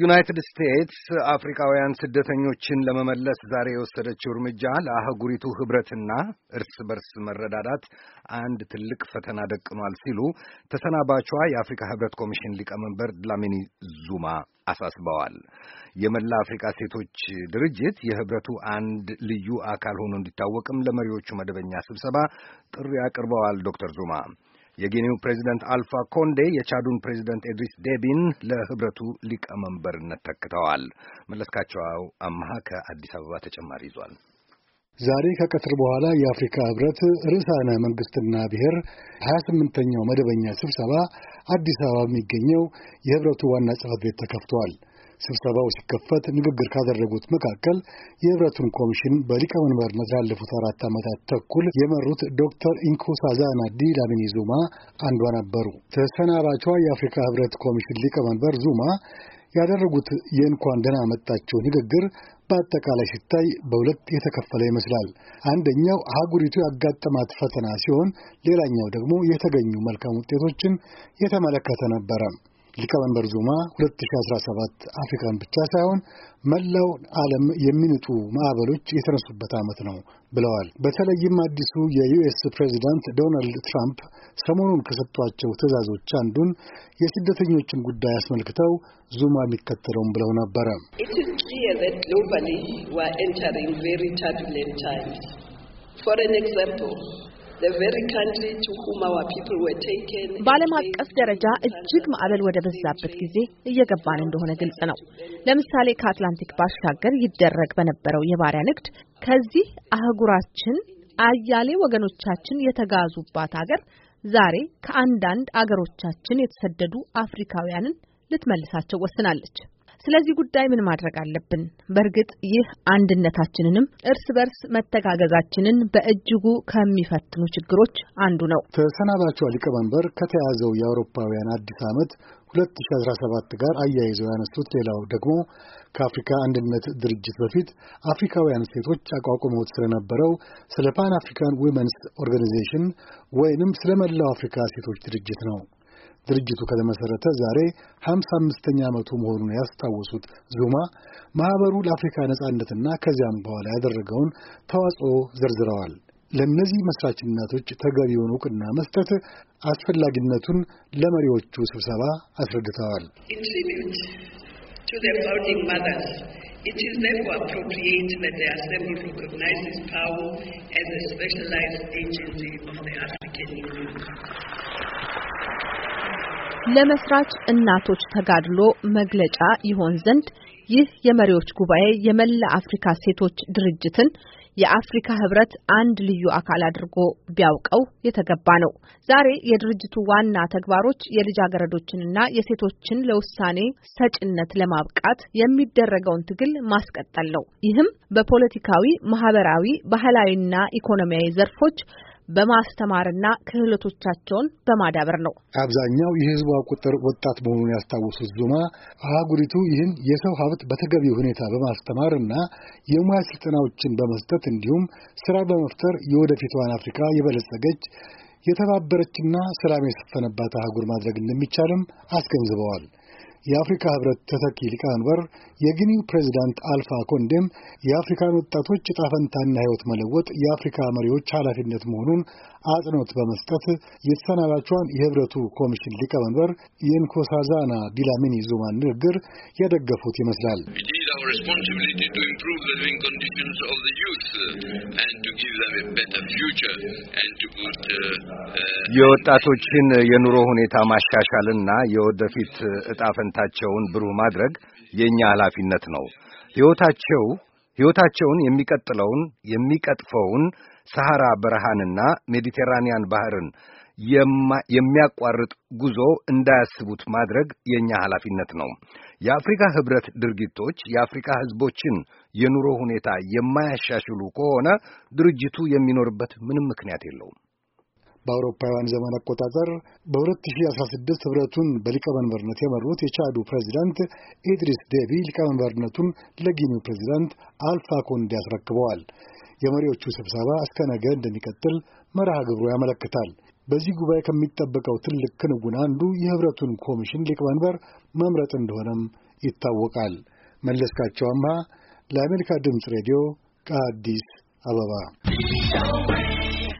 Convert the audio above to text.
ዩናይትድ ስቴትስ አፍሪካውያን ስደተኞችን ለመመለስ ዛሬ የወሰደችው እርምጃ ለአህጉሪቱ ህብረትና እርስ በርስ መረዳዳት አንድ ትልቅ ፈተና ደቅኗል ሲሉ ተሰናባቿ የአፍሪካ ህብረት ኮሚሽን ሊቀመንበር ድላሚኒ ዙማ አሳስበዋል። የመላ አፍሪካ ሴቶች ድርጅት የህብረቱ አንድ ልዩ አካል ሆኖ እንዲታወቅም ለመሪዎቹ መደበኛ ስብሰባ ጥሪ አቅርበዋል። ዶክተር ዙማ የጊኒው ፕሬዚደንት አልፋ ኮንዴ የቻዱን ፕሬዚደንት ኤድሪስ ዴቢን ለህብረቱ ሊቀመንበርነት ተክተዋል። መለስካቸው አምሃ ከአዲስ አበባ ተጨማሪ ይዟል። ዛሬ ከቀትር በኋላ የአፍሪካ ህብረት ርዕሳነ መንግስትና ብሔር ሀያ ስምንተኛው መደበኛ ስብሰባ አዲስ አበባ በሚገኘው የህብረቱ ዋና ጽህፈት ቤት ተከፍተዋል። ስብሰባው ሲከፈት ንግግር ካደረጉት መካከል የህብረቱን ኮሚሽን በሊቀመንበርነት ላለፉት አራት ዓመታት ተኩል የመሩት ዶክተር ኢንኮሳዛና ላሚኒ ዙማ አንዷ ነበሩ። ተሰናባቿ የአፍሪካ ህብረት ኮሚሽን ሊቀመንበር ዙማ ያደረጉት የእንኳን ደህና መጣችሁ ንግግር በአጠቃላይ ሲታይ በሁለት የተከፈለ ይመስላል። አንደኛው አህጉሪቱ ያጋጠማት ፈተና ሲሆን፣ ሌላኛው ደግሞ የተገኙ መልካም ውጤቶችን የተመለከተ ነበረ። ሊቀመንበር ዙማ 2017 አፍሪካን ብቻ ሳይሆን መላው ዓለም የሚንጡ ማዕበሎች የተነሱበት ዓመት ነው ብለዋል። በተለይም አዲሱ የዩኤስ ፕሬዚዳንት ዶናልድ ትራምፕ ሰሞኑን ከሰጧቸው ትዕዛዞች አንዱን የስደተኞችን ጉዳይ አስመልክተው ዙማ የሚከተለውን ብለው ነበረ። በዓለም አቀፍ ደረጃ እጅግ ማዕበል ወደ በዛበት ጊዜ እየገባን እንደሆነ ግልጽ ነው። ለምሳሌ ከአትላንቲክ ባሻገር ይደረግ በነበረው የባሪያ ንግድ ከዚህ አህጉራችን አያሌ ወገኖቻችን የተጋዙባት ሀገር ዛሬ ከአንዳንድ አገሮቻችን የተሰደዱ አፍሪካውያንን ልትመልሳቸው ወስናለች። ስለዚህ ጉዳይ ምን ማድረግ አለብን? በእርግጥ ይህ አንድነታችንንም እርስ በርስ መተጋገዛችንን በእጅጉ ከሚፈትኑ ችግሮች አንዱ ነው። ተሰናባቸው ሊቀመንበር ከተያዘው የአውሮፓውያን አዲስ ዓመት 2017 ጋር አያይዘው ያነሱት ሌላው ደግሞ ከአፍሪካ አንድነት ድርጅት በፊት አፍሪካውያን ሴቶች አቋቁመውት ስለነበረው ስለ ፓን አፍሪካን ዊመንስ ኦርጋናይዜሽን ወይንም ስለ መላው አፍሪካ ሴቶች ድርጅት ነው። ድርጅቱ ከመሰረተ ዛሬ 55 አምስተኛ ዓመቱ መሆኑን ያስታወሱት ዙማ ማህበሩ ለአፍሪካ ነጻነትና ከዚያም በኋላ ያደረገውን ተዋጽኦ ዘርዝረዋል። ለእነዚህ መሥራች እናቶች ተገቢውን ዕውቅና መስጠት አስፈላጊነቱን ለመሪዎቹ ስብሰባ አስረድተዋል። ለመስራች እናቶች ተጋድሎ መግለጫ ይሆን ዘንድ ይህ የመሪዎች ጉባኤ የመላ አፍሪካ ሴቶች ድርጅትን የአፍሪካ ህብረት አንድ ልዩ አካል አድርጎ ቢያውቀው የተገባ ነው። ዛሬ የድርጅቱ ዋና ተግባሮች የልጃገረዶችንና የሴቶችን ለውሳኔ ሰጭነት ለማብቃት የሚደረገውን ትግል ማስቀጠል ነው። ይህም በፖለቲካዊ፣ ማህበራዊ፣ ባህላዊና ኢኮኖሚያዊ ዘርፎች በማስተማርና ክህሎቶቻቸውን በማዳበር ነው። አብዛኛው የህዝቧ ቁጥር ወጣት መሆኑን ያስታወሱት ዙማ አህጉሪቱ ይህን የሰው ሀብት በተገቢ ሁኔታ በማስተማርና የሙያ ስልጠናዎችን በመስጠት እንዲሁም ስራ በመፍጠር የወደፊቷን አፍሪካ የበለጸገች የተባበረችና ሰላም የሰፈነባት አህጉር ማድረግ እንደሚቻልም አስገንዝበዋል። የአፍሪካ ህብረት ተተኪ ሊቀመንበር የግኒው ፕሬዚዳንት አልፋ ኮንዴም የአፍሪካን ወጣቶች ዕጣ ፈንታና ህይወት መለወጥ የአፍሪካ መሪዎች ኃላፊነት መሆኑን አጽንኦት በመስጠት የተሰናባቿን የህብረቱ ኮሚሽን ሊቀመንበር የንኮሳዛና ዲላሚኒ ዙማን ንግግር ያደገፉት ይመስላል። responsibility to improve the living conditions of the youth uh, and to give them a better future and to put uh, uh, የወጣቶችን የኑሮ ሁኔታ ማሻሻልና የወደፊት ዕጣ uh, ፈንታቸውን ብሩህ ማድረግ የኛ ኃላፊነት ነው። ሕይወታቸው ሕይወታቸውን የሚቀጥለውን የሚቀጥፈውን ሰሐራ በረሃንና ሜዲቴራንያን ባህርን የሚያቋርጥ ጉዞ እንዳያስቡት ማድረግ የእኛ ኃላፊነት ነው። የአፍሪካ ህብረት ድርጊቶች የአፍሪካ ህዝቦችን የኑሮ ሁኔታ የማያሻሽሉ ከሆነ ድርጅቱ የሚኖርበት ምንም ምክንያት የለውም። በአውሮፓውያን ዘመን አቆጣጠር በ2016 ህብረቱን በሊቀመንበርነት የመሩት የቻዱ ፕሬዚዳንት ኢድሪስ ዴቢ ሊቀመንበርነቱን ለጊኒው ፕሬዚዳንት አልፋ ኮንዴ አስረክበዋል። የመሪዎቹ ስብሰባ እስከ ነገ እንደሚቀጥል መርሃ ግብሩ ያመለክታል። በዚህ ጉባኤ ከሚጠበቀው ትልቅ ክንውን አንዱ የህብረቱን ኮሚሽን ሊቀመንበር መምረጥ እንደሆነም ይታወቃል። መለስካቸው አምሃ ለአሜሪካ ድምፅ ሬዲዮ ከአዲስ አበባ